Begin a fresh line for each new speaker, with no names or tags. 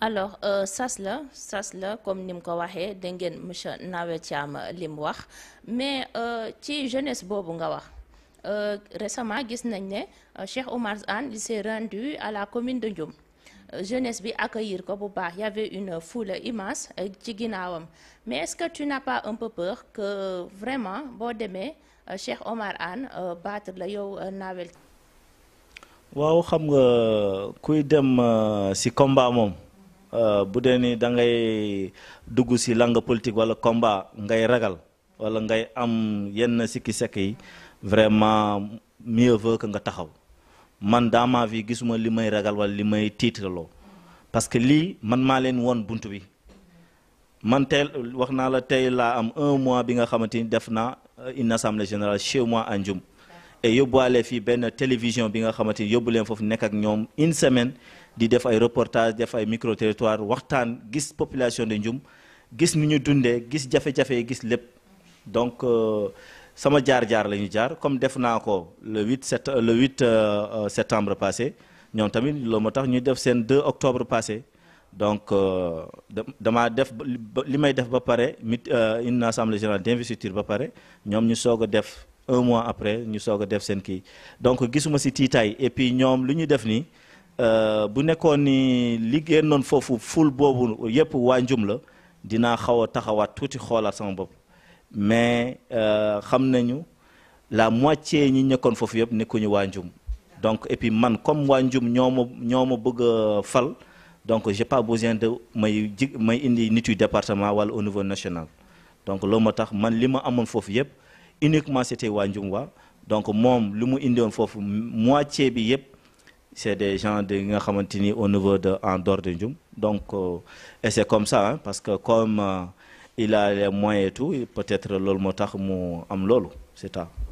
alors euh, sas la sas la comme ni mu ko waxee da ngeen monsieur Nawe Thiam euh, li mu wax mais euh, ci jeunesse boobu nga wax euh, récemment gis nañ ne euh, Cheikh Oumar Anne il s'est rendu à la commune de Ndioum euh, jeunesse bi accueillir ko bu baax y avait une foule immense ci ginnaawam mais est-ce que tu n'as pas un peu peur que vraiment boo demee Cheikh Oumar Anne battre la yow Nawel
waaw xam nga kuy dem si combat moom Euh, bu dee ni da ngay dugg si langue politique wala combat ngay ragal wala ngay am yenn sikki sekk yi vraiment mieux vaut que nga taxaw man dans ma vie gisuma li may ragal wala li may tiitaloo parce que lii man maa leen woon bunt bi man tey wax naa la tey laa am un mois bi nga xamante ni def naa euh, une assemblée générale chez mois à Ndioum yóbbuwaale fii benn télévision bi nga xamante ni yóbbu leen foofu nekk ak ñoom une semaine di def ay reportage def ay micro territoire waxtaan gis population de Ndioum gis ni ñu dundee gis jafe-jafe yi gis lépp donc euh, sama jaar-jaar la ñu jaar comme def naa ko le huit sept le 8 euh, euh, septembre passé ñoom tamit loolu moo tax ñu def seen 2 octobre passé donc damaa def li may def ba pare mit une assemblée générale d'investiture ba pare ñoom ñu soog a def un mois après ñu soog a def seen kii donc gisuma si tiitaay et puis ñoom lu ñu def nii Euh, bu nekkoon ni li génnoon foofu ful boobu yëpp waa njum la dinaa xaw a taxawaat tuuti xoolaat sama bopp mais euh, xam nañu la moitié ñi nekkoon foofu yëpp nekkuñu waa njum donc et puis man comme waa njum ñoo ma ñoo ma bëgg a fal donc j'ai pas besoin de may ji may indi nit yu département wala au niveau national donc loo ma tax man li ma amoon foofu yëpp uniquement c'était waa njum waa donc moom lu mu indi woon foofu moitié bi yëpp c'est des gens de nga xamante ni au niveau de en dehors de Ndioum donc euh, et c'est comme ça parce que comme euh, il a les moyens et peut-être loolu moo tax mu am loolu c'est ça